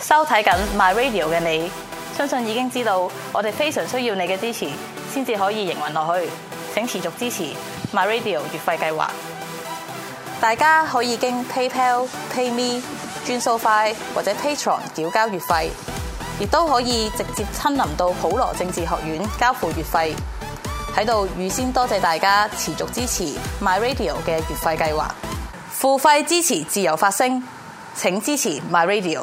收睇緊 My Radio 嘅你，相信已經知道我哋非常需要你嘅支持，先至可以營運落去。請持續支持 My Radio 月費計劃。大家可以經 PayPal、PayMe、轉數快或者 Patreon 繳交月費，亦都可以直接親臨到普羅政治學院交付月費。喺度預先多謝大家持續支持 My Radio 嘅月費計劃，付費支持自由發聲。請支持 My Radio。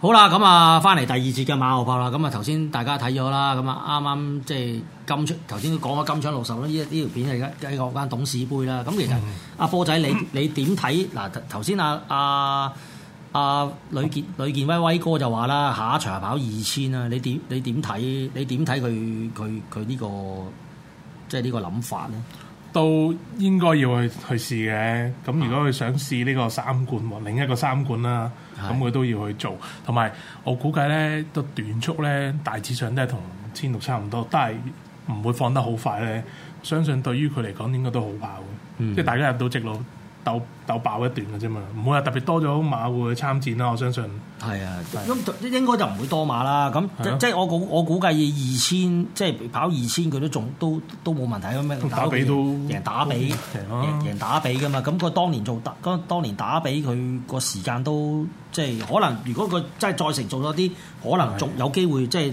好啦，咁啊，翻嚟第二節嘅馬後炮啦。咁啊，頭先大家睇咗啦，咁啊，啱啱即係金槍，頭先都講咗金槍六十啦。呢依條片而家喺學翻董事杯啦。咁其實阿波、嗯啊、仔，你你點睇？嗱、啊，頭先阿阿阿呂健呂健威威哥就話啦，下一場跑二千啊，你點你點睇？你點睇佢佢佢呢個即係呢個諗法咧？都應該要去去試嘅，咁如果佢想試呢個三冠或另一個三冠啦，咁佢都要去做。同埋是的 我估計呢，段速呢大致上都係同千六差唔多，但係唔會放得好快呢。相信對於佢嚟講，應該都好怕嘅，嗯，即係大家入到直路。鬥鬥爆一段嘅啫嘛，唔會話特別多咗馬會去參戰啦，我相信。係啊，咁應該就唔會多馬啦。咁即即我估我估計二千，即係跑二千佢都仲都都冇問題。咁咩打比都贏打比，贏贏打比㗎嘛。咁佢、啊、當年做得，當年打比佢個時間都即係、就是、可能，如果佢真係再成做多啲，可能仲有機會、啊、即係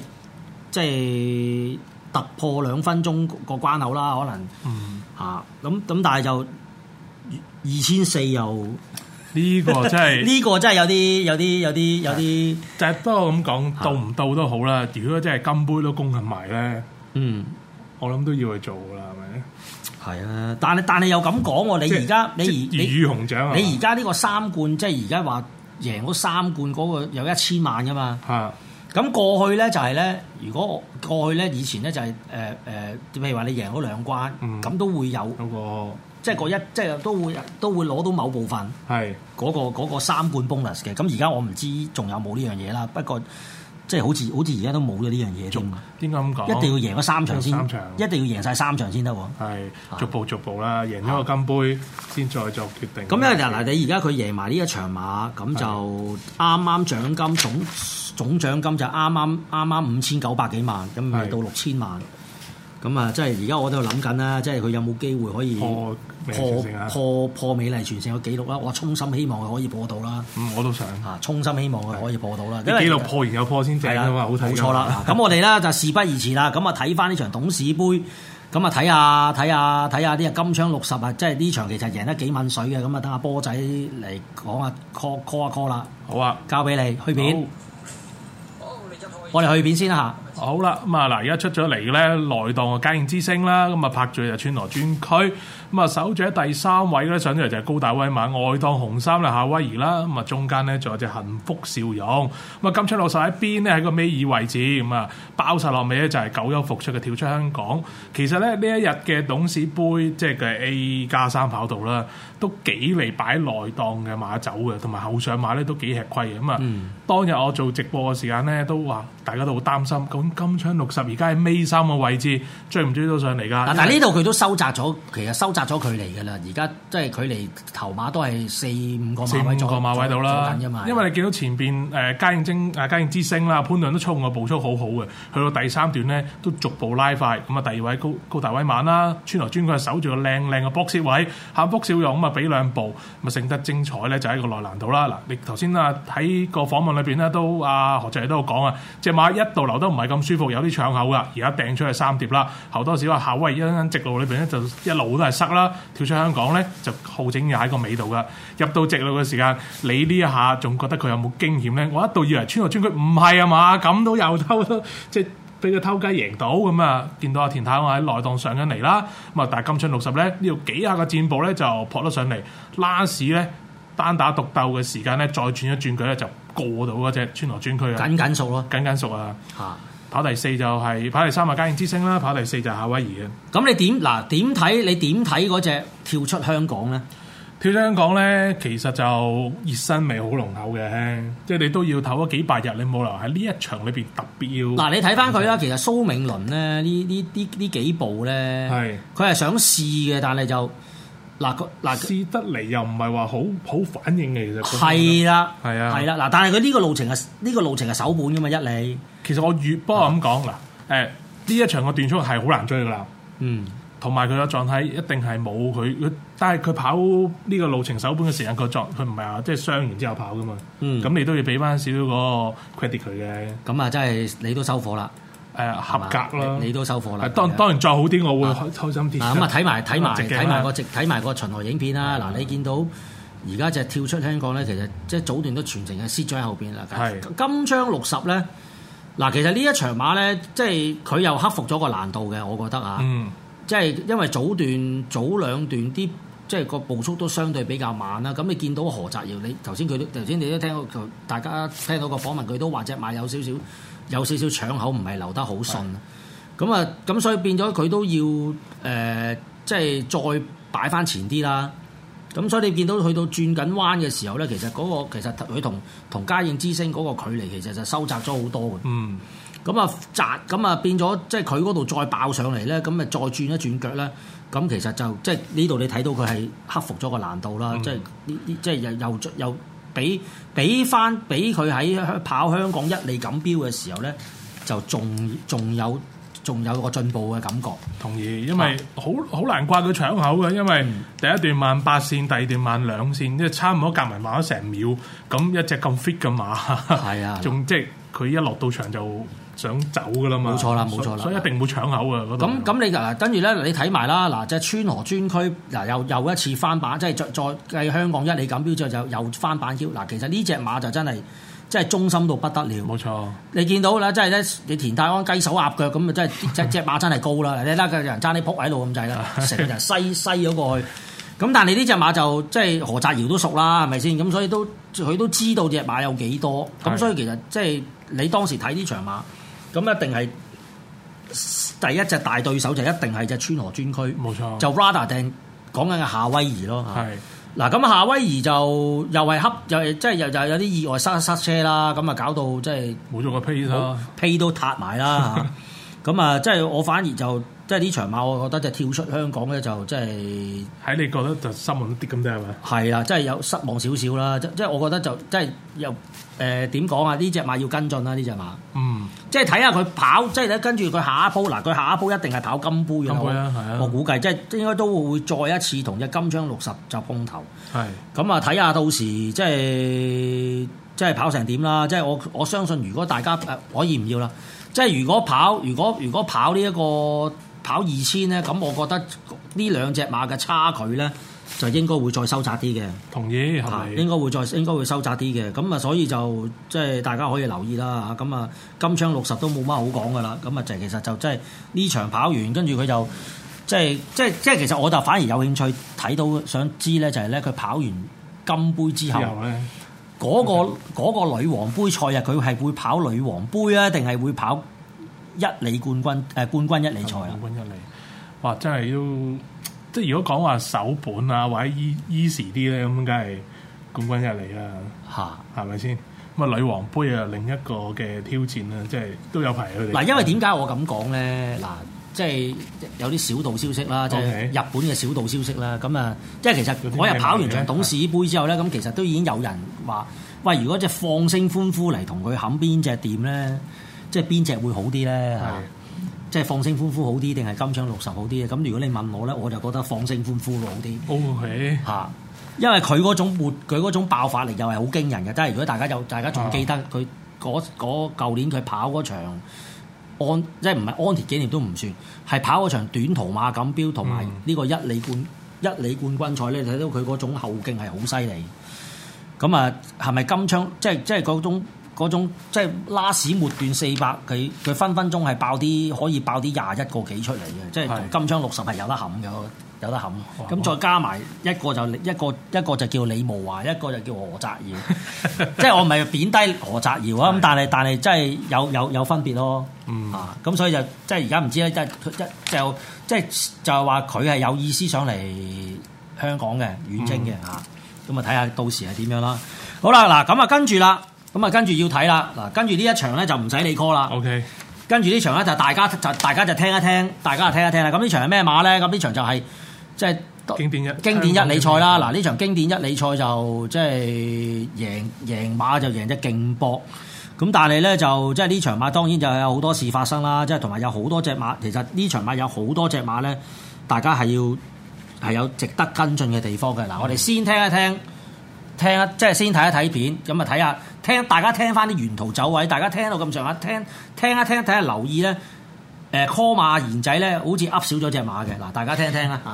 即係突破兩分鐘個關口啦。可能嗯咁咁、啊，但係就。二千四，又呢個真係，呢個真係有啲有啲有啲有啲，就係不過咁講，到唔到都好啦。如果真係金杯都攻下埋咧，嗯，我諗都要去做噶啦，係咪？係啊，但係但係又咁講喎，你而家你而雨雨紅獎，你而家呢個三冠，即係而家話贏咗三冠嗰個有一千萬噶嘛？吓，咁過去咧就係咧，如果過去咧以前咧就係誒誒，譬如話你贏咗兩關，咁都會有個。即係個一，即係都會都會攞到某部分，嗰是、嗰個嗰、嗰個三冠 bonus 嘅。咁而家我唔知仲有冇呢樣嘢啦。不過即係好似好似而家都冇咗呢樣嘢。仲點解咁講，一定要贏咗三場先，三場一定要贏晒三場先得喎。係是逐步逐步啦，贏咗個金杯先是再做決定。咁咧，嗱嗱，你而家佢贏埋呢一場馬，咁就啱啱獎金總總獎金就啱啱啱啱五千九百幾萬，咁咪到六千萬。咁啊，即係而家我都喺度諗緊啦，即係佢有冇機會可以破破破美麗傳承個紀錄啦？我衷心希望佢可以破到啦。我都想嚇，衷心希望佢可以破到啦。因為紀錄破完又破先正啊，好睇，冇錯啦。咁啊，我哋咧就事不宜遲啦。咁啊睇翻呢場董事杯，咁啊睇下睇下睇下啲啊金槍六十啊，即係呢場其實贏得幾吻水嘅。咁啊等阿波仔嚟講一下 call call 啊 call 啦。好啊，交俾你去片。好我哋去片先啊。好啦，咁啊嗱，而家出咗嚟咧，內檔嘅嘉應之星啦，咁啊拍住就川羅專區，咁啊守住喺第三位咧，上咗嚟就高大威馬，外檔紅衫咧夏威夷啦，咁啊中間咧仲有隻幸福笑容，咁啊金昌老實喺邊咧？喺個尾二位置，咁啊，包曬落尾咧就係久休復出嘅跳出香港。其實咧呢一日嘅董事杯即係嘅 A 加三跑道啦，都幾嚟擺內檔嘅馬走嘅，同埋後上馬咧都幾吃虧嘅咁啊。嗯當日我做直播嘅時間咧，都話大家都好擔心。咁金槍六十而家喺尾三嘅位置，追唔追到上嚟噶？但係呢度佢都收窄咗，其實收窄咗距離嘅啦。而家即係距離頭馬都係四五個馬位，四五個馬位度啦。因為你見到前邊誒嘉應精誒嘉應之星啦，潘頓都操控嘅步速好好嘅，去到第三段咧都逐步拉快。咁啊，第二位高高大威猛啦，穿流尊佢係守住個靚靚嘅 box 位，幸福少用咁啊，俾兩步，咁啊，勝得精彩咧，就喺個內欄度啦。嗱，你頭先啊睇個訪問。裏邊咧都阿何卓都有講啊，隻馬一度流得唔係咁舒服，有啲搶口噶。而家掟出去三碟啦，好多時話下圍，一因直路裏邊咧就一路都係塞啦。跳出香港咧就好整又喺個尾度噶。入到直路嘅時間，你呢一下仲覺得佢有冇驚險咧？我一度以為穿個專區唔係啊嘛，咁都有、就是、偷即係俾佢偷雞贏到咁啊！見到阿田太我喺內檔上緊嚟啦，咁啊但係今春六十咧呢度幾下嘅箭步咧就撲得上嚟，拉屎咧。單打獨鬥嘅時間咧，再轉一轉佢咧，就過到嗰隻川河專區啊！緊緊熟咯，緊緊熟啊！跑第四就係跑第三啊！嘉應之星啦，跑第四就夏威夷嘅。咁你點嗱？點睇你點睇嗰隻跳出香港咧？跳出香港咧，其實就熱身味好濃厚嘅，即係你都要唞咗幾百日，你冇留喺呢一場裏邊特別要。嗱，你睇翻佢啦，的其實蘇明倫咧，呢呢呢呢幾步咧，係佢係想試嘅，但係就。嗱，個嗱試得嚟又唔係話好好反應嘅其實，係啦，係啊，係啦嗱，但係佢呢個路程，係呢個路程係首本噶嘛一李，其實我越不過咁講嗱，誒呢一場個斷速係好難追噶啦，嗯，同埋佢個狀態一定係冇佢，但係佢跑呢個路程首本嘅時間，佢狀佢唔係話即係傷完之後跑噶嘛，嗯，咁你都要俾翻少少嗰個 credit 佢嘅，咁啊真係你都收貨啦。誒合格咯，你都收貨啦。當然實當然再好啲，我會開心啲。咁 啊，睇埋睇埋睇埋個直睇埋個循環影片啦、啊。嗱、 啊，你見到而家就跳出香港咧，其實即係早段都全程係塞咗喺後邊啦。金鎗六十咧，嗱、 啊，其實呢一場馬咧，即係佢又克服咗個難度嘅，我覺得啊，即係 因為早段早兩段啲。即係個步速都相對比較慢啦，咁你見到何澤堯，你頭先佢頭先你都聽到，大家聽到個訪問，佢都話隻馬有少少有少少搶口，唔係留得好順，咁啊是的，咁所以變咗佢都要誒、呃，即係再擺翻前啲啦。咁所以你見到去到轉緊彎嘅時候咧，其實嗰、那個其實佢同同嘉應之星嗰個距離其實就收窄咗好多嘅。嗯。咁啊，窒咁啊，變咗即係佢嗰度再爆上嚟咧，咁咪再轉一轉腳咧。咁其實就即係呢度你睇到佢係克服咗個難度啦，嗯。即係呢啲即係又又又俾俾翻俾佢喺跑香港一哩錦標嘅時候咧，就仲仲有仲有，有個進步嘅感覺。同意，因為好好、嗯、難怪佢搶口嘅，因為第一段慢八線，第二段慢兩線，即係差唔多夾埋慢咗成秒。咁一隻咁 fit 嘅馬，係是啊， 仲即係佢一落到場就。想走嘅啦嘛，冇錯啦，冇以錯啦，所以一定冇搶口啊。嗰咁咁你嗱跟住咧，你睇埋啦，嗱隻川河專區，嗱又又一次翻版，即係再再計香港一哩錦標之後就又翻版。嗱其實呢隻馬就真係真係忠心到不得了，冇沒錯。你見到啦，即係咧你田泰安雞手鴨腳咁啊，真係隻隻馬真係高啦！你睇下個人爭啲仆喺度咁滯啦，成個人西西咗過去。咁但係你呢隻馬就即係何澤堯都熟啦，係咪先？咁所以都佢都知道隻馬有幾多。咁所以其實即係你當時睇呢場馬。咁一定係第一隻大對手就是，一定係只川河專區，冇錯。就 Rada 定講緊嘅夏威夷咯嚇。嗱是，咁夏威夷就又係恰又係即係又又有啲，就是就是，意外塞塞車啦，咁啊搞到即係冇咗個 pay 啦，pay 都塌埋啦。咁啊，即係，啊就是、我反而就。即係呢場馬，我覺得就跳出香港咧，就即係喺你覺得就失望啲咁啫，係咪？係啦，即係有失望少少啦。即即係我覺得就即係又誒點講啊？呢、呃、隻馬要跟進啦，呢隻馬。嗯。即係睇下佢跑，即係咧跟住佢下一鋪嗱，佢下一鋪一定係跑金杯嘅。金杯啦、啊，係、啊。我估計即係應該都會再一次同隻金槍六十就碰頭。係。咁啊，睇下到時即係即係跑成點啦。即係我我相信，如果大家誒、啊、可以唔要啦。即係如，如，如，如果跑，如果如果跑呢一個。跑二千咧，咁我覺得呢兩隻馬嘅差距咧，就應該會再收窄啲嘅。同意係咪？是是應該會再應該會收窄啲嘅。咁啊，所以就即係大家可以留意啦嚇。咁啊，金槍六十都冇乜好講噶啦。咁啊，就其實就即係呢場跑完，跟住佢就即係即係即係，其實我就反而有興趣睇到想知咧，就係咧，佢跑完金杯之後，嗰個嗰個那個、女王杯賽日，佢係會跑女王杯啊，定係會跑？一理冠軍，誒、呃、冠軍一理賽冠軍一理，哇！真係都即係如果講話首本啊，或者 easy 啲咧，咁梗係冠軍一理啦、啊。吓、啊，係咪先？咁啊，女王杯啊，另一個嘅挑戰啦、啊，即係都有排佢哋。嗱，因為點解我咁講咧？嗱、啊，即係有啲小道消息啦，Okay. 即係日本嘅小道消息啦。咁啊，即係其實我又跑完場董事杯之後咧，咁其實都已經有人話：喂，如果即放聲歡呼嚟同佢冚邊隻店咧？即係邊隻會好啲咧？嚇是！即係放聲歡呼好啲，定係金槍六十好啲嘅？咁如果你問我咧，我就覺得放聲歡呼好啲。O.K. 嚇！因為佢嗰種活，佢嗰種爆發力又係好驚人嘅。但係如果大家有，大家仲記得佢嗰舊年佢跑嗰場安，即係唔係安田紀念都唔算，係跑嗰場短途馬錦標同埋呢個一哩冠一哩冠軍賽咧，你睇到佢嗰種後勁係好犀利。咁啊，係咪金槍？即係即係嗰種。嗰種即係拉屎末段四百，佢佢分分鐘係爆啲可以爆啲廿一個幾出嚟嘅，即係金槍六十係有得冚嘅，有得冚咁再加埋一個就一個一個就叫李慕華，一個就叫何澤耀， 即係我唔係貶低何澤耀啊，咁但係是但係真係有有有分別咯，啊咁、嗯、所以就即係而家唔知咧，即係即就即就係話佢係有意思上嚟香港嘅遠征嘅嚇，咁、嗯、啊睇下到時係點樣啦。好啦，嗱咁啊跟住啦。咁啊，跟住要睇啦嗱。跟住呢一場咧就唔使你 call 啦。OK。跟住呢場咧就大家就大家就聽一聽，大家就聽一聽啦。咁呢場係咩馬咧？咁呢場就係即係經典一經典一理賽啦。嗱，呢場經典一理賽就即係贏贏馬就贏隻勁波。咁但係咧就即係呢場馬當然就有好多事發生啦。即係同埋有好多隻馬，其實呢場馬有好多隻馬咧，大家係要係有值得跟進嘅地方嘅嗱。嗯、我哋先聽一聽聽一即係先睇一睇片咁啊，睇下。睇下聽，大家聽翻啲沿途走位，大家聽到咁上下，聽聽一聽，睇下留意咧。誒、呃、call 馬賢仔咧，好似噏少咗隻馬嘅。嗱，大家聽一聽啦嚇。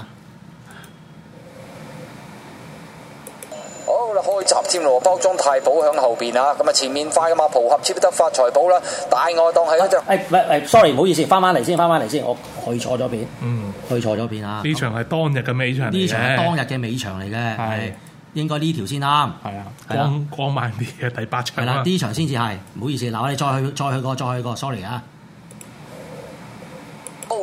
好，我哋開閘添咯，包裝太保響後邊啊。咁、哎、啊，前面快嘅嘛，蒲合超得發財寶啦，大外檔喺一隻。誒，sorry，唔好意思，翻翻嚟先，翻翻嚟先，我去錯咗邊。嗯、去錯咗邊啊。呢場係當日嘅尾場。呢場係當日嘅尾場嚟嘅，係。應該呢條先啱，係啊，啊光光萬啲嘅第八場，係啦、啊，呢場先至係，唔好意思，嗱，我哋再去再去過再去過，sorry 啊。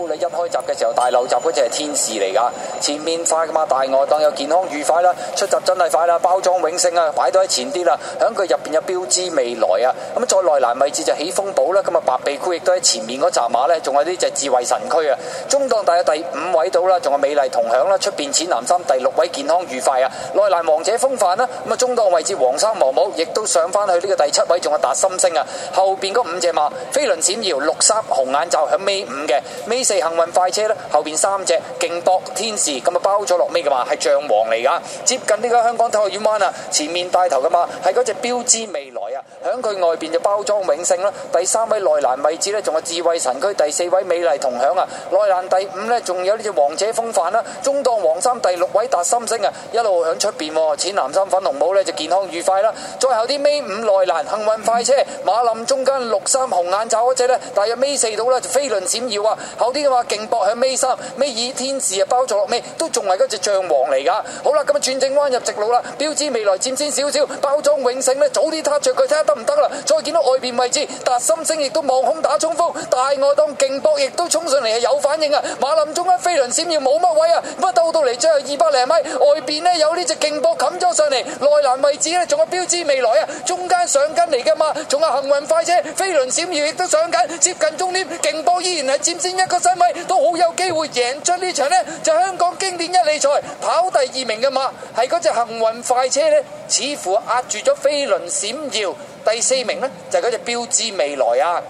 一開閘嘅時候，大牛閘嗰隻係天使嚟㗎。前面快嘅嘛，大外檔有健康愉快啦，出閘真係快啦，包裝永盛啊，擺到喺前啲啦，響佢入邊有標誌未來啊。咁再內欄位置就起風寶啦，咁啊白臂窟亦都喺前面嗰紮馬呢，仲有呢隻智慧神區啊。中檔大約第五位到啦，仲有美麗同享啦，出邊淺藍衫第六位健康愉快啊，內欄王者風範啦，咁啊中檔位置黃衫毛毛亦都上翻去呢個第七位，仲有達心星啊。後邊嗰五隻馬飛輪閃耀綠色紅眼罩響尾五嘅四幸運快車咧，後邊三隻勁搏天使咁啊包咗落尾噶嘛，係象王嚟噶，接近呢個香港體育院灣啊，前面帶頭噶嘛，係嗰隻標誌未來。響佢外邊就包裝永勝啦，第三位內欄位置呢，仲係智慧神駒，第四位美麗同享啊，內欄第五呢，仲有呢隻王者風範啦，中檔黃衫第六位達心星啊，一路響出邊，淺藍衫粉紅帽呢就健康愉快啦，再後啲尾五內欄幸運快車馬林中間六三紅眼罩嗰隻呢，大約尾四到呢就飛輪閃耀啊，後啲嘅話勁搏響尾三尾二天使啊包咗落尾都仲係嗰隻象王嚟噶。好啦，咁啊轉正彎入直路啦，標誌未來漸先少少，包裝永勝呢，早啲撻着佢。睇下得唔得啦？再見到外邊位置，達心星亦都望空打衝鋒，大外檔勁博亦都衝上嚟，有反應啊！馬林中間飛輪閃耀冇乜位啊，咁啊到到嚟最後二百零米外邊呢，有呢隻勁博冚咗上嚟，內欄位置呢，仲有標誌未來啊，中間上緊嚟嘅馬，仲有幸運快車飛輪閃耀亦都上緊，接近終點，勁博依然係佔先一個身位，都好有機會贏出呢場呢。就香港經典一哩賽跑第二名嘅馬，係嗰隻幸運快車呢，似乎壓住咗飛輪閃耀。第四名咧就係嗰隻標誌未來啊，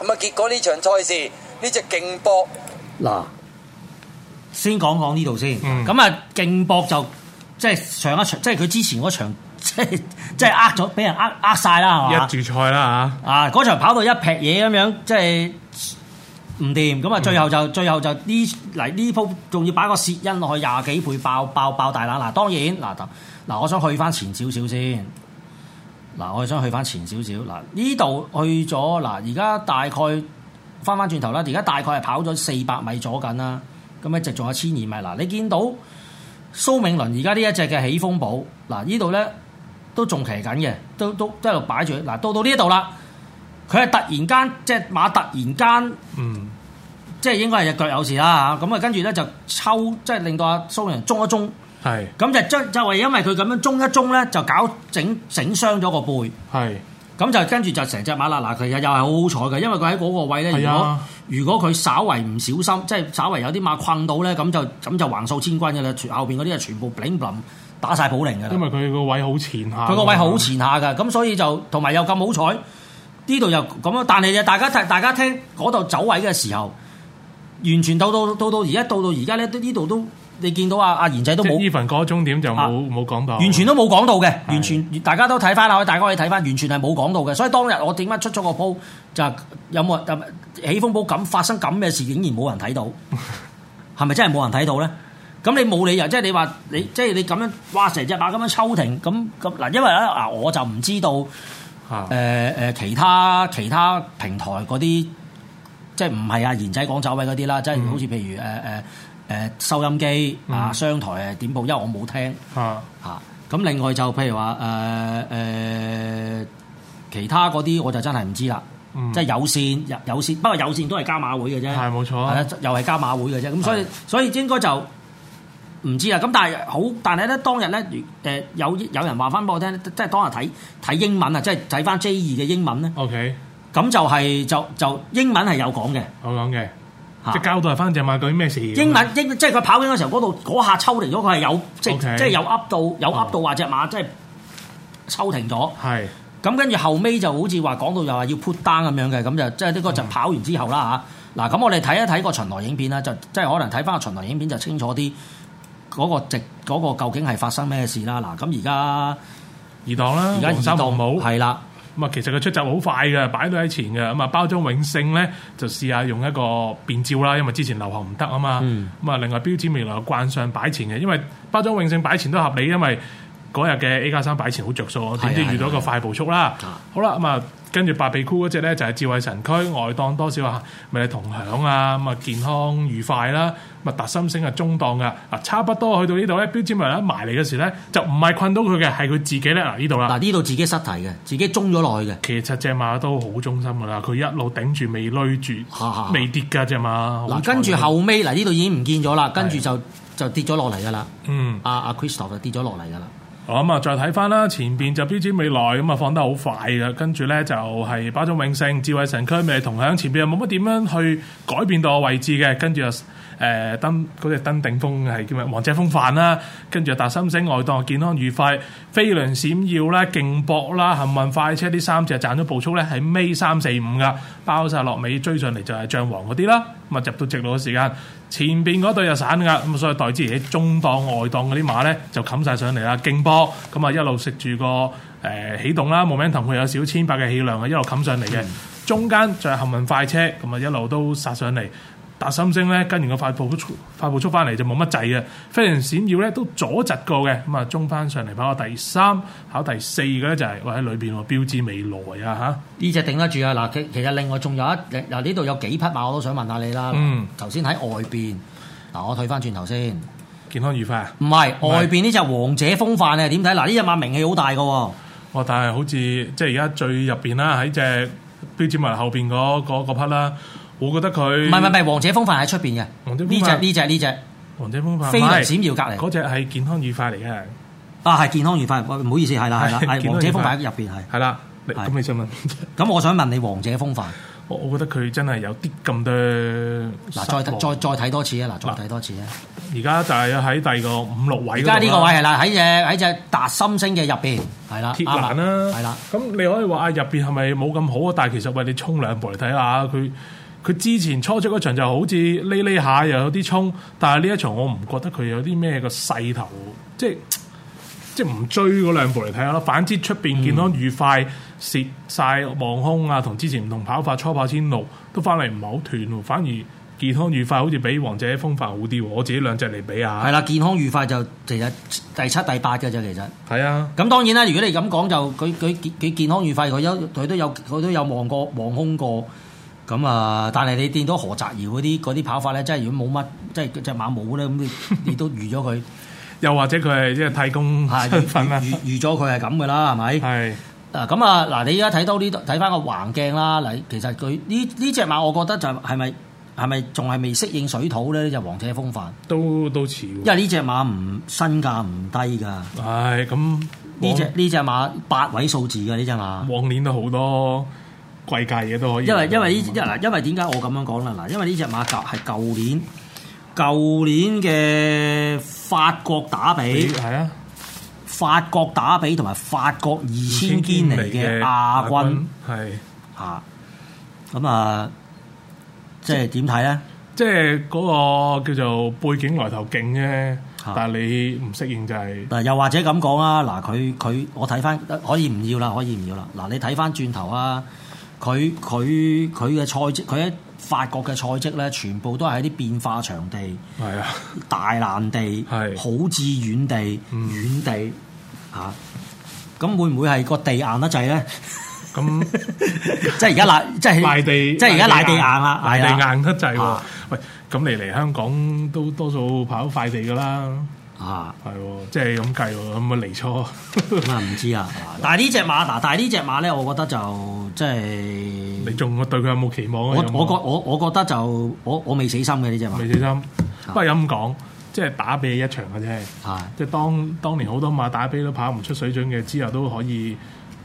咁啊結果呢場賽事呢隻勁博嗱，先講講呢度先，咁啊勁博就即係、就是、上一場，即係佢之前嗰場，即係即係呃咗，俾人呃呃晒啦，係嘛？一注賽啦吓，啊嗰場跑到一劈嘢咁樣，即係唔掂，咁啊最後就最後就呢嚟呢鋪，仲要把個舌因落去廿幾倍爆爆爆大啦！嗱，當然嗱，嗱我想去翻前少少先。嗱，我想去翻前少少，嗱，呢度去咗，嗱，而家大概翻翻轉頭啦，而家大概係跑咗四百米左右啦，咁一直仲有千二米，嗱，你見到蘇銘倫而家呢一隻嘅起風寶，嗱，呢度咧都仲騎緊嘅，都都都喺度擺住，嗱，到到呢一度啦，佢係突然間，即係馬突然間，嗯，即係應該係隻腳有事啦嚇，咁啊跟住咧就抽，即係令到阿蘇銘倫中一中。係，咁就將就係因為佢咁樣中一中咧，就搞整整傷咗個背。係的，咁就跟住就成隻馬啦。嗱，佢又又係好好彩嘅，因為佢喺嗰個位咧，如果的如果佢稍為唔小心，即係稍為有啲馬困到咧，咁就咁就橫掃千軍嘅啦。後邊嗰啲啊，全部 bling bling 打晒保齡嘅啦。因為佢個位好前下，佢個位好前下㗎，咁所以就同埋又咁好彩，呢度又咁樣，但係大家睇大家聽嗰度走位嘅時候，完全到到到到而家到到而家咧，都呢度都。你見到阿、啊、阿、啊、賢仔都冇，份講到終點就冇冇講到，完全都冇講到嘅，是的 完全大家都睇翻啦，大家可以睇翻，完全係冇講到嘅。所以當日我點解出咗個鋪就有冇起風波咁發生咁嘅事，竟然冇人睇到，係咪 真係冇人睇到咧？咁你冇理由，即係你話你即係你咁樣哇，成隻馬咁樣抽停，咁咁嗱，因為咧嗱，我就唔知道誒誒、呃、其他其他平台嗰啲，即係唔係阿賢仔講走位嗰啲啦，即係好似譬如誒誒。呃呃誒收音機啊，嗯、商台誒點播，因為我冇聽嚇。咁、啊啊、另外就譬如話誒誒其他嗰啲，我就真係唔知啦。嗯、即係有線有有線，不過有線都係加馬會嘅啫，係冇錯，又係加馬會嘅啫。咁、啊、所以所以應該就唔知啦。咁但係好，但係咧當日咧誒有有人話翻俾我聽，即係當日睇睇英文啊，即係睇翻 J 二嘅英文咧。OK，咁、嗯、就係、係、就就，就，就英文係有講嘅，有講嘅。即係交代係翻隻馬究竟咩事？英文英即係佢跑緊嘅時候，嗰度嗰下抽離咗，佢係有即係即係有噏到有噏到話隻馬即係抽停咗。係咁跟住後尾就好似話講到又話要 put down 咁樣嘅，咁就即係呢個就跑完之後啦嚇。嗱咁、oh. 啊、我哋睇一睇個巡邏影片啦，就即係可能睇翻個巡邏影片就清楚啲嗰、嗰個值、嗰個嗰個、究竟係發生咩事啦。嗱咁而家二檔啦，而家二檔冇係啦。咁啊，其實佢出閘好快嘅，擺到喺前嘅。咁啊，包裝永盛咧就試下用一個變招啦，因為之前流行唔得啊嘛。咁啊，另外標誌未來嘅慣常擺前嘅，因為包裝永盛擺前都合理，因為。嗰日嘅 A 加三擺前好着數，點知遇到一個快步速啦？ 好啦，咁啊，跟住百比酷嗰隻咧就係智慧神區外檔多少啊，咪係同享啊，咁啊健康愉快啦，咪達心升係中檔噶，啊差不多去到呢度咧，標誌物埋嚟嘅時咧就唔係困到佢嘅，係佢自己咧，呢度啦。嗱，呢度自己失蹄嘅，自己中咗落去嘅。其實隻馬都好忠心噶啦，佢一路頂住未累住，未跌噶隻馬。嗱，跟住、啊、後尾嗱呢度已經唔見咗啦，跟住就就跌咗落嚟噶啦。嗯，阿阿 Crystal 就跌咗落嚟噶啦。啊咁啊、嗯，再睇翻啦，前邊就標誌未來咁啊、嗯，放得好快嘅，跟住咧就係、是、巴中永盛、智慧神區咪同響，前邊又冇乜點樣去改變到個位置嘅，跟住。誒登嗰隻登頂峰係叫咩？王者風範啦，跟住達心星外檔健康愉快，飛輪閃耀啦，勁博啦，幸運快車呢三隻賺咗步速咧，係尾三四五噶，包晒落尾追上嚟就係將王嗰啲啦。咁啊入到直路嘅時間，前邊嗰對就散噶，咁啊所以代之而喺中檔外檔嗰啲馬咧就冚晒上嚟啦。勁博咁啊一路食住個誒起動啦，無名頭佢有少千百嘅氣量啊，一路冚上嚟嘅。中間就係幸運快車，咁啊一路都殺上嚟。達心星咧，跟住個快步快步速翻嚟就冇乜掣嘅，非常閃耀咧都阻窒過嘅，咁啊中翻上嚟跑個第三、跑第四嘅就係喎喺裏邊喎標誌未來啊嚇！呢隻頂得住啊！嗱，其實另外仲有一嗱呢度有幾匹馬我都想問下你啦。嗯，頭先喺外邊嗱，我退翻轉頭先，健康愉快啊！唔係外邊呢隻王者風範啊？點睇嗱？呢隻馬名氣好大嘅喎。哦，但係好似即係而家最入邊啦，喺隻標誌物後邊嗰嗰匹啦。我覺得佢唔係唔係唔係，王者風範喺出邊嘅。呢隻呢隻呢隻，王者風範非常閃耀。隔籬嗰隻係健康愉快嚟嘅。啊，係健康愉快。唔好意思，係啦係啦，係王者風範喺入邊係。係啦，咁你想問？咁我想問你，王者風範，我我覺得佢真係有啲咁多。嗱，再再再睇多次啊！嗱，再睇多次啊！而家就係喺第二個五六位。而家呢個位係啦，喺隻喺隻達心星嘅入邊係啦，鐵欄啦係啦。咁你可以話啊，入邊係咪冇咁好啊？但係其實喂，你衝兩步嚟睇下佢。佢之前初出嗰場就好似匿匿下又有啲衝，但係呢一場我唔覺得佢有啲咩個勢頭，即係即係唔追嗰兩步嚟睇下咯。反之出邊健康愉快蝕晒望空啊，同之前唔同跑法初跑千六都翻嚟唔係好斷喎，反而健康愉快好似比王者風範好啲喎。我自己兩隻嚟比下。係啦，健康愉快就其實第七第八嘅啫，其實。係啊的。咁當然啦，如果你咁講就佢佢健健康愉快，佢有佢都有佢都有望過望空過。咁啊、嗯！但係你見到何澤堯嗰啲啲跑法咧，真係如果冇乜，即係隻馬冇咧，咁你 你都預咗佢。又或者佢係即係太公預預預咗佢係咁噶啦，係咪？係是、啊嗯。啊咁啊！嗱，你而家睇到呢度睇翻個環境啦。嗱，其實佢呢呢隻馬，我覺得就係咪係咪仲係未適應水土咧？就王者風範。都都似。因為呢隻馬唔身價唔低㗎。係咁，呢隻呢隻馬八位數字㗎呢隻馬。往年都好多。貴價嘢都可以因為因，因為因為呢，嗱，因為點解我咁樣講啦？嗱，因為呢隻馬甲係舊年舊年嘅法國打比係啊，法國打比同埋法國二千堅尼嘅亞軍係吓。咁是啊，啊，即係點睇咧？即係嗰個叫做背景來頭勁啫，但係你唔適應就係、是、嗱。啊、又或者咁講啊，嗱，佢佢我睇返可以唔要啦，可以唔要啦。嗱、啊，你睇返轉頭啊！佢佢佢嘅賽績，佢喺法國嘅賽績咧，全部都係喺啲變化場地，係啊，大爛地，係好致遠地，遠地吓，咁會唔會係個地硬得滯咧？咁即係而家賴，即係賴地，即係而家賴地硬啦，賴地硬得滯喎。喂，咁你嚟香港都多數跑快地㗎啦。 啊，係，即係咁計喎，咁啊嚟錯，咁啊唔知啊，但係呢隻馬嗱，但係呢隻馬咧，我覺得就即係你仲對佢有冇期望啊？我覺我覺我我覺得就我我未死心嘅呢隻馬，未死心，啊、不過有咁講，即係打俾你一場嘅啫，即、啊、當當年好多馬打俾都跑唔出水準嘅，之後都可以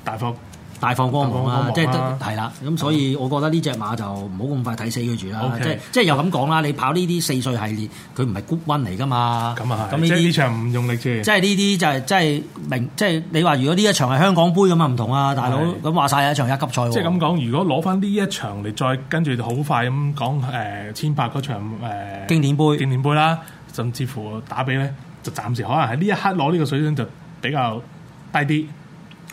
大放。大放光芒啊！看看啊即係得係啦，咁、嗯、所以我覺得呢隻馬就唔好咁快睇死佢住啦。Okay, 即係即係又咁講啦，你跑呢啲四歲系列，佢唔係谷 r 嚟噶嘛？咁啊係，呢場唔用力啫。即係呢啲就係即係明，即係你話如果呢一場係香港杯咁啊唔同啊，大佬咁的話晒啊，一場一級賽即係咁講，如果攞翻呢一場嚟再跟住就好快咁講誒，千百嗰場誒。呃、經典杯經典杯啦，甚至乎打比咧，就暫時可能喺呢一刻攞呢個水準就比較低啲。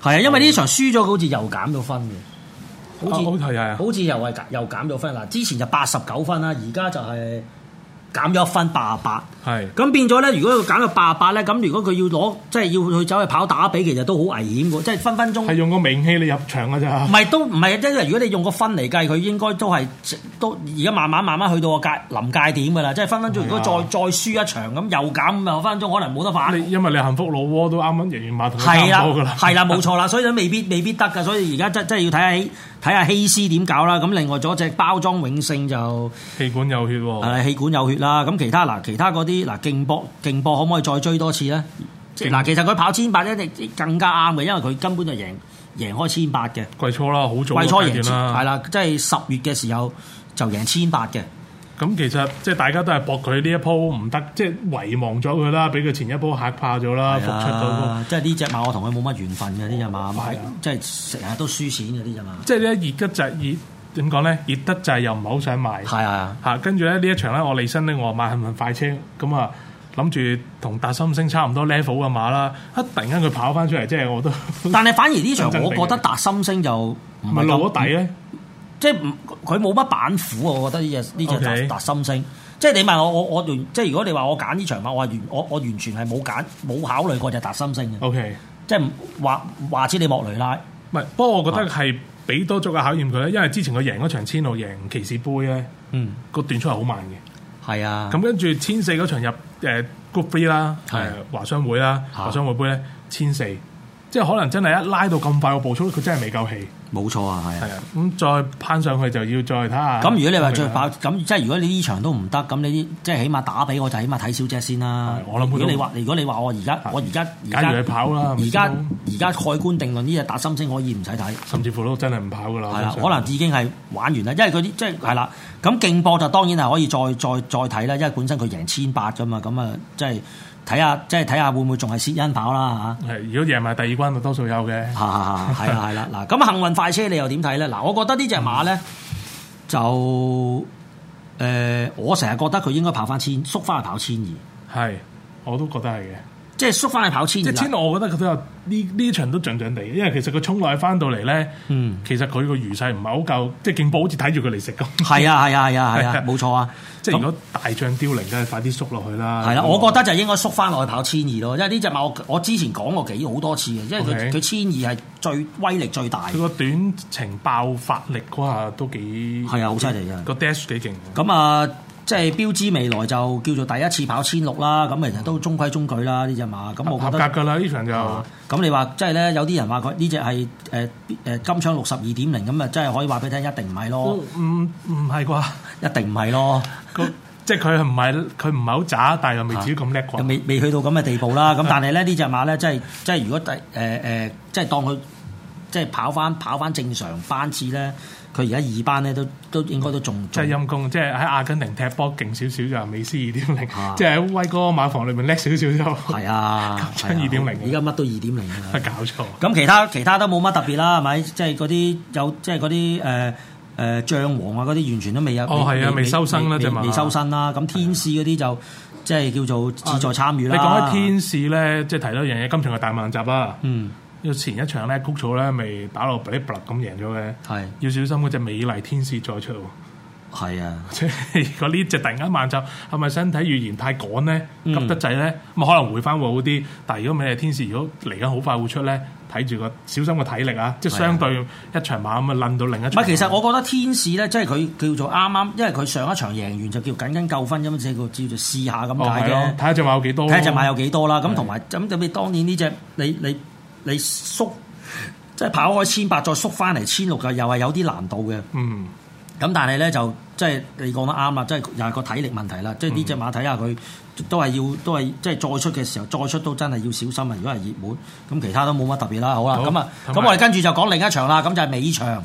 係啊，因為呢場輸咗，好似又減咗分嘅，好似係啊，好似又係又減咗分。嗱，之前就八十九分啦，而家就係，減咗一分八十八，係咁變咗咧。如果佢減到八十八咧，咁如果佢要攞即係要去走去跑打比，其實都好危險嘅，即係分分鐘係用個名氣嚟入場嘅咋？唔係都唔係，因為如果你用個分嚟計，佢應該都係都而家慢慢慢慢去到個界臨界點㗎啦。即係分，分分鐘，啊、如果再再輸一場咁，又減咁啊，分分鐘可能冇得返。因為你幸福老窩都啱啱贏完馬同佢爭多啦，係啦、啊，冇、啊、錯啦，所以都未必未必得㗎。所以而家真真係要睇。睇下希斯點搞啦，咁另外咗隻包裝永勝就氣管有血喎，哦，誒、啊、氣管有血啦，咁其他嗱其他嗰啲嗱勁博勁博可唔可以再追多次咧？即係嗱，其實佢跑千八咧，你更加啱嘅，因為佢根本就贏贏開千八嘅，季初啦，好早季初贏啦，係啦，即係十月嘅時候就贏千八嘅。咁其實即係大家都係搏佢呢一鋪唔得，即係遺忘咗佢啦，俾佢前一鋪嚇怕咗啦，啊、復出咗。即係呢隻馬，我同佢冇乜緣分嘅呢隻馬，買即係成日都輸錢嗰啲咋嘛。即係呢熱得就熱點講咧，熱得滯又唔係好想買。係啊，嚇、啊！跟住咧呢一場咧，我嚟新咧，我買幸運快車，咁啊，諗住同達心星差唔多 level 嘅馬啦。一突然間佢跑翻出嚟，即係我都。 但係反而呢場我覺得達心星就唔係落咗底咧。即係唔佢冇乜板斧啊！我覺得呢隻呢隻達達心聲，Okay. 即係你問我我我完即係如果你話我揀呢場話，我完我我完全係冇揀冇考慮過就係達心聲嘅。O Okay . K，即係話話知你莫雷拉唔係，不過我覺得係俾多足嘅考驗佢咧，因為之前佢贏嗰場千六贏騎士杯咧，嗯，個斷速係好慢嘅，係啊。咁跟住千四嗰場入誒 Group 3啦，誒、啊、華商會啦、啊、華商會杯咧，千四，4, 即係可能真係一拉到咁快個步速，佢真係未夠氣。冇錯啊，係啊，咁、嗯、再攀上去就要再睇下。咁、嗯、如果你話再爆咁，即係如果你呢場都唔得，咁你即係起碼打俾我就起碼睇少隻先啦。我諗如果你話如果你話我而家的我而家假如你跑啦，而家而家蓋棺定論呢隻、這個、打心星可以唔使睇，甚至乎都真係唔跑噶啦。係啦的，可能已經係玩完啦，因為嗰啲即係係啦。咁競波就當然係可以再再再睇啦，因為本身佢贏千八噶嘛，咁啊即係。睇下即係睇下會唔會仲係蝕音跑啦嚇！係如果贏埋第二關，就多數有嘅。係係啦係啦嗱，咁、啊啊啊、幸運快車你又點睇咧？嗱，我覺得隻呢隻馬咧就誒、呃，我成日覺得佢應該跑翻千，縮翻去跑千二。係，我都覺得係嘅。即係縮翻去跑千二，即千二，我覺得佢都有呢呢場都漲漲地，因為其實佢衝落去翻到嚟咧，嗯、其實佢個餘勢唔係好夠，即係勁豹好似睇住佢嚟食咁。係啊係啊係啊係啊，冇、啊啊啊啊、錯啊！即係是、嗯、如果大將凋零，梗係快啲縮落去啦。係啦、啊，那個、我覺得就應該縮翻落去跑千二咯，因為呢隻馬我我之前講過幾好多次嘅，因為佢佢 Okay. 千二係最威力最大。佢個短程爆發力嗰下都幾係啊，好犀利嘅個 dash 幾勁。咁啊！即係標知未來就叫做第一次跑千六啦，咁其實都中規中矩啦呢隻馬。咁我覺得合格㗎啦呢場就。咁你話即係咧有啲人話佢呢隻係誒誒金槍六十二點零，咁啊即係可以話俾你聽，一定唔係咯。唔唔唔係啩？一定唔係咯。即係佢唔係佢唔係好渣，但係又未至於咁叻啩。未未去到咁嘅地步啦。咁但係咧呢隻馬咧，即係即係如果第誒誒即係當佢即係跑翻跑翻正常班次咧。佢而家二班咧都都應該都仲即係陰功，即係喺阿根廷踢波勁少少就係美斯二點零，即係喺威哥馬房裏面叻少少都係啊，二點零。而家乜都二點零搞錯。咁其他其他都冇乜特別啦，係咪？即係嗰啲有即係嗰啲誒誒將王啊嗰啲完全都未有。哦，係啊，未收身啦，仲未收身啦。咁天使嗰啲就即係叫做志在參與啦。你講開天使咧，即係提到一樣嘢，今場係大問集啊。嗯。前一場咧，谷草咧咪打落噼咁贏咗嘅。是要小心嗰隻美麗天使再出。係啊，即係如果呢隻突然間慢就係咪身體語言太趕咧，急得滯咧，咁可能回翻會好啲。但係如果美麗天使，如果嚟緊好快會出咧，睇住個小心個體力啊，即係相對一場馬咁啊，撚到另一場的。其實我覺得天使咧，即係佢叫做啱啱，因為佢上一場贏完就叫緊緊救分，咁樣即係叫做試下咁解嘅。睇下、okay，隻馬有幾多，睇下隻馬有幾多啦。咁同埋咁特別，當年呢隻你你。你你你你你你你縮即係跑開千八，再縮翻嚟千六嘅，又係有啲難度嘅。嗯，咁但係咧就即係你講得啱啊，即係又係個體力問題啦。嗯、即係呢隻馬睇下佢都係要，都係即係再出嘅時候，再出都真係要小心啊！如果係熱門，咁其他都冇乜特別啦。好啦，咁啊，咁我哋跟住就講另一場啦。咁就係、是、尾場，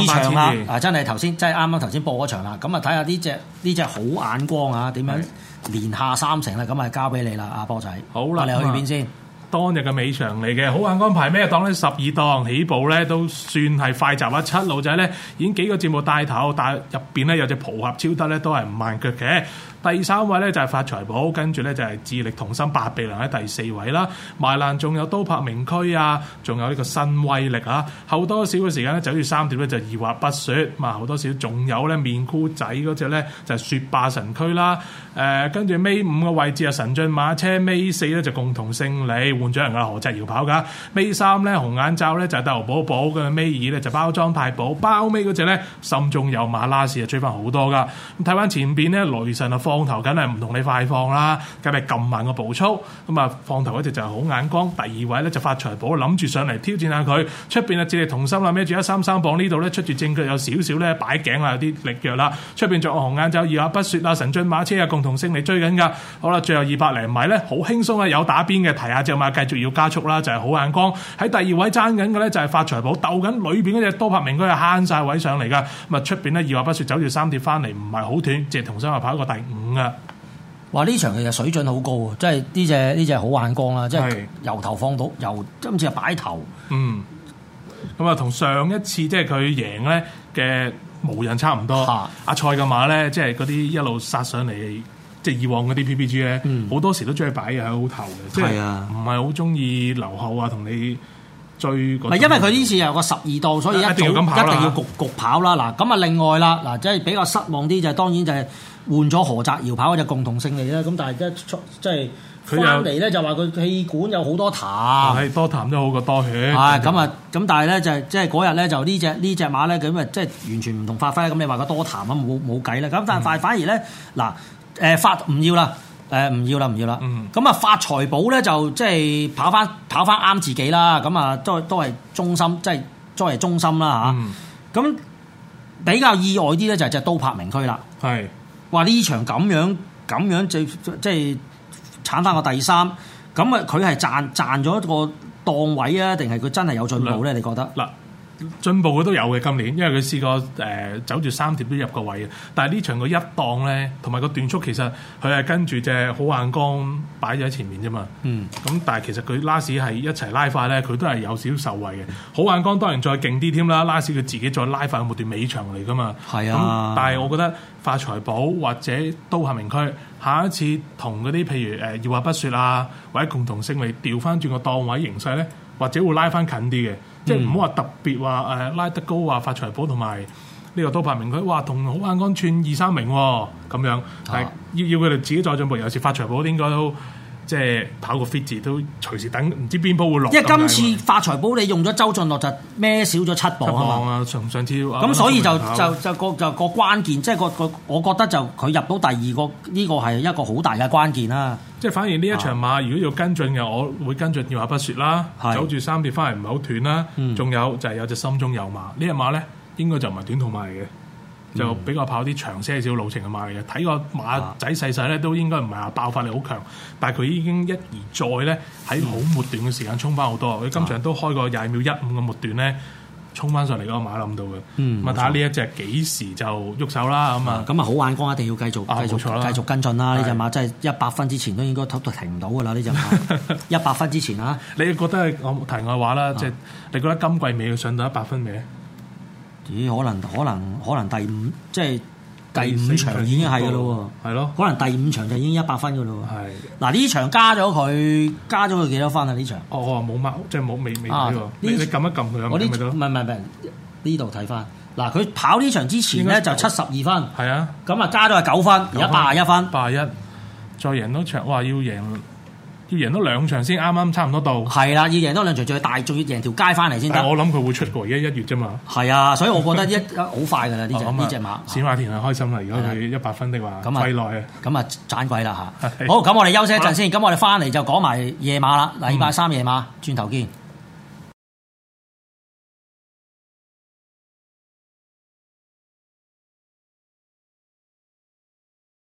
尾場啦，啊真係頭先，真係啱啱頭先播嗰場啦。咁啊睇下呢隻呢隻好眼光啊，點樣連下三成啦？咁啊交俾你啦，阿波仔，好啦吧，好吧你去邊先？啊當日嘅尾場嚟嘅，好晏安排咩檔咧？十二檔起步咧，都算係快閘。啊！七路仔咧，已經幾個節目帶頭，但入邊咧有隻蒲俠超得咧，都係唔慢腳嘅。第三位咧就係發財寶，跟住咧就係智力同心八臂梁喺第四位啦。賣難仲有刀拍名區啊，仲有呢個新威力啊。後多少嘅時間咧，好似三條咧就二話不説，嘛好多少仲有咧面箍仔嗰隻咧就雪霸神區啦。誒，跟住尾五個位置啊，神駿馬車，尾四咧就共同勝利換咗人啊，何澤瑤跑㗎。尾三咧紅眼罩咧就大牛寶寶嘅，尾二咧就包裝太保，包尾嗰隻咧心中有馬拉士啊，追翻好多㗎。咁睇翻前邊咧，雷神啊放頭梗係唔同你快放啦，梗係撳慢個步速。咁啊，放頭嗰隻就係好眼光。第二位咧就發財寶，諗住上嚟挑戰下佢。出邊啊，志力同心啦，孭住一三三磅呢度咧，出住正確有少少咧擺頸啊，有啲力弱啦。出邊在紅眼就二話不說啊，神俊馬車啊，共同勝利追緊㗎。好啦，最後二百零米咧，好輕鬆啊，有打邊嘅提下隻馬，繼續要加速啦，就係好眼光。喺第二位爭緊嘅咧就係發財寶鬥緊裏邊嗰隻多拍明嗰隻慳晒位上嚟㗎。咁啊，出邊咧二話不說走住三碟翻嚟，唔係好斷。志力同心又跑一個第五。啊！話呢場其實水準好高啊，即係呢隻呢隻好眼光啦，即係由頭放到由，即係唔似擺頭。嗯。咁啊，同上一次即係佢贏咧嘅無人差唔多。啊。阿蔡嘅馬咧，即係嗰啲一路殺上嚟，即係以往嗰啲 PPG 咧，好多時都中意擺喺好頭嘅。係啊。唔係好中意留後啊，同你追嗰。係因為佢呢次有個十二度，所以一定要一定要焗，焗跑啦。嗱，咁啊，另外啦，嗱，即係比較失望啲就當然就係。換咗何澤堯跑嗰隻共同勝利啦。咁但係一出即係翻嚟咧，就話佢氣管有好多痰。係，多痰都好過多血。係咁啊，咁但係咧就係即係嗰日咧就呢隻呢隻馬咧，咁啊，即係完全唔同發揮。咁你話佢多痰啊，冇冇計咧？咁但係反反而咧，嗱，誒發唔要啦，誒唔要啦唔要啦。咁啊、嗯、發財寶咧就即係跑翻跑翻啱自己啦。咁啊都都係中心，即係作為中心啦嚇。咁、嗯啊、比較意外啲咧就係隻刀拍名區啦。係的。話呢場咁樣咁樣，最即係鏟翻個第三，咁啊佢係賺賺咗個檔位啊，定係佢真係有進步咧？你覺得？進步嘅都有嘅今年。因為佢試過誒、呃、走住三疊都入個位嘅，但係呢場個一檔咧，同埋個段速其實佢係跟住隻好眼光擺咗喺前面啫嘛。嗯。咁但係其實佢拉屎係一齊拉快咧，佢都係有少少受惠嘅。好眼光當然再勁啲添啦，拉屎佢自己再拉快，冇段尾場嚟㗎嘛。係啊。但係我覺得發財寶或者都係名區，下一次同嗰啲譬如誒，二話不說啊，或者共同勝利調翻轉個檔位形勢咧。或者會拉返近啲嘅，即係唔好話特別話誒、呃、拉得高話發財寶同埋呢個多排名佢哇同好眼光串二三名喎、哦、咁樣，係、啊、要要佢哋自己再進步，尤其是發財寶應該都。即係跑個 fit 字都隨時等，唔知邊鋪會落。因為今次發財寶，你用咗周俊樂就孭少咗七磅啊嘛磅吧。上上次咁、嗯、所以就就就個就個關鍵，即係個我覺得就佢入到第二個呢、這個係一個好大嘅關鍵啦。即係反而呢一場馬，如果要跟進嘅，啊、我會跟進，要話不說啦，是走住三跌翻嚟唔係好斷啦。仲、嗯、有就係、是、有隻心中有馬呢一馬咧，應該就唔係短途馬嚟嘅。就比較跑啲長些少路程嘅馬嚟嘅，睇個馬仔細細咧，都應該唔係話爆發力好強，但係佢已經一而再咧喺好末段嘅時間衝翻好多，佢今場都開過廿秒一五嘅末段咧衝翻上嚟嗰個馬諗到嘅，咁啊睇下呢一隻幾時就喐手啦，咁啊、嗯，咁啊好眼光一定要繼續，啊、繼續，錯繼續跟進啦！呢隻對 馬真係一百分之前都應該都停唔到噶啦，呢隻馬一百分之前啊！你覺得我提外話啦，即係、嗯、你覺得今季尾要上到一百分未咧？咦？可能可能可能第五即係第五場已經係嘅咯喎，係咯，可能第五場就已經係一百分嘅咯喎，嗱呢場加咗佢加咗佢幾多分啊？呢場哦，冇乜，即係冇未未睇喎。你你撳一撳佢啊，睇唔睇到？唔係唔係呢度睇翻。嗱，佢跑呢場之前咧就七十二分，係啊，咁啊加咗九分，而家八十一分，八十一再贏多場，哇、哦！要贏。要贏多兩場先啱啱差唔多到。係啦，要贏多兩場仲要大，仲要贏條街翻嚟先得。我諗佢會出過一一月啫嘛。係啊，所以我覺得一好快㗎啦，呢隻呢隻馬。小馬田係開心啦，如果佢一百分的話。咁啊，貴耐啊，咁啊賺鬼啦嚇。好，咁我哋休息一陣先，咁我哋翻嚟就講埋夜馬啦。禮拜三夜馬，轉頭見。